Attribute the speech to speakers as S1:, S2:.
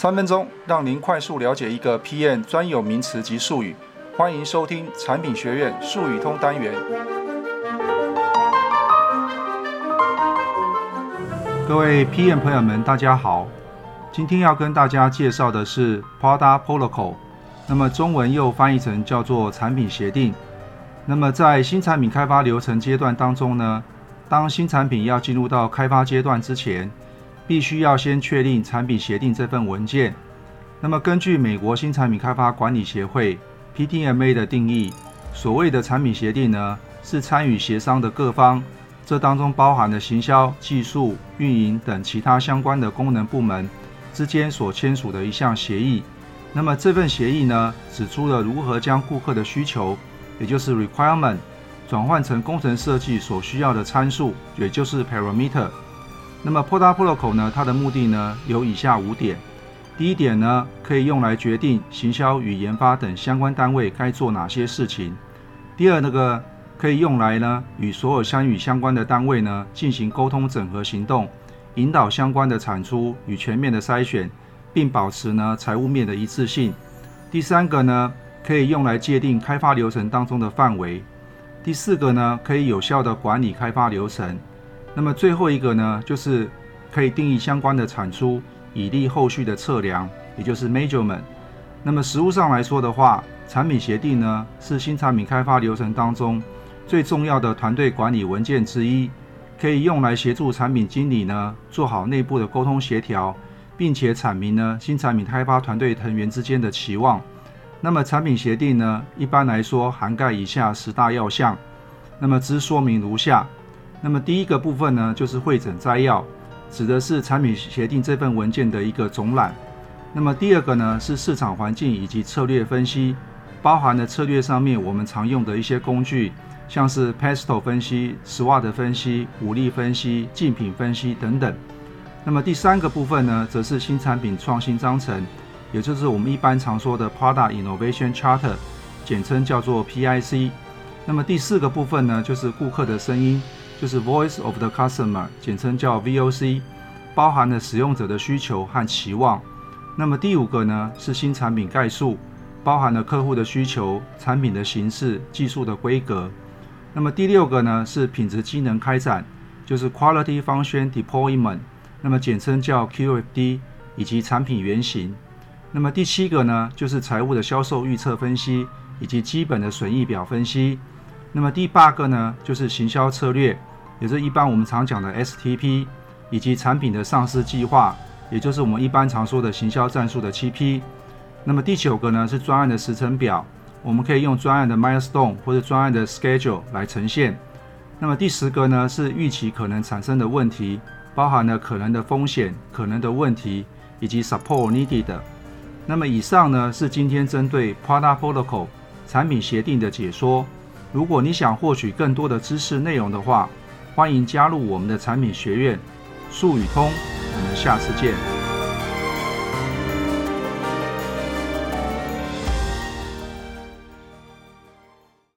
S1: 三分鐘讓您快速了解一個 PM 專有名詞及術語，歡迎收聽產品學院術語通單元。各位 PM 朋友們，大家好，今天要跟大家介紹的是 Product Protocol，那麼中文又翻譯成叫做產品協定。那麼在新產品開發流程階段當中呢，當新產品要進入到開發階段之前，必須要先確定產品協定這份文件。那麼，根據美國新產品開發管理協會 （PDMA） 的定義，所謂的產品協定呢，是參與協商的各方，這當中包含了行銷、技術、運營等其他相關的功能部門之間所簽署的一項協議。那麼這份協議呢，指出了如何將顧客的需求，也就是 requirement，轉換成工程設計所需要的參數，也就是 parameter。那麼 Product Protocol 呢？它的目的呢有以下五點：第一點呢，可以用來決定行銷與研發等相關單位該做哪些事情；第二，那個可以用來呢與所有相與相關的單位呢進行溝通整合行動，引導相關的產出與全面的篩選，並保持呢財務面的一致性；第三個呢，可以用來界定開發流程當中的範圍；第四個呢，可以有效的管理開發流程。那麼最後一個呢，就是可以定義相關的產出，以利後續的測量，也就是 measurement。那麼實務上來說的話，產品協定呢是新產品開發流程當中最重要的團隊管理文件之一，可以用來協助產品經理呢做好內部的溝通協調，並且闡明呢新產品開發團隊成員之間的期望。那麼產品協定呢，一般來說涵蓋以下十大要項，那麼之說明如下。那麼第一個部分呢，就是會診摘要，指的是產品協定這份文件的一個總覽。那麼第二個呢，是市場環境以及策略分析，包含了策略上面我們常用的一些工具，像是 PESTLE 分析、SWOT 分析、五力分析、競品分析等等。那麼第三個部分呢，則是新產品創新章程，也就是我們一般常說的 Product Innovation Charter，簡稱叫做 PIC。那麼第四個部分呢，就是顧客的聲音。就是 Voice of the Customer，簡稱叫 VOC，包含了使用者的需求和期望。那麼第五個呢，是新產品概述，包含了客戶的需求、產品的形式、技術的規格。那麼第六個呢，是品質機能開展，就是 Quality Function Deployment，那麼簡稱叫 QFD，以及產品原型。那麼第七個呢，就是財務的銷售預測分析以及基本的損益表分析。那麼第八個呢，就是行銷策略，也就是一般我們常講的 STP，以及產品的上市計劃，也就是我們一般常說的行銷戰術的七 P。那麼第九個呢是專案的時程表，我們可以用專案的 Milestone 或者專案的 Schedule 來呈現。那麼第十個呢是預期可能產生的問題，包含了可能的風險、可能的問題以及 Support Needed。那麼以上呢是今天針對 Product Protocol 產品協定的解說。如果你想獲取更多的知識內容的話，歡迎加入我們的產品學院，術語通，我們下次見。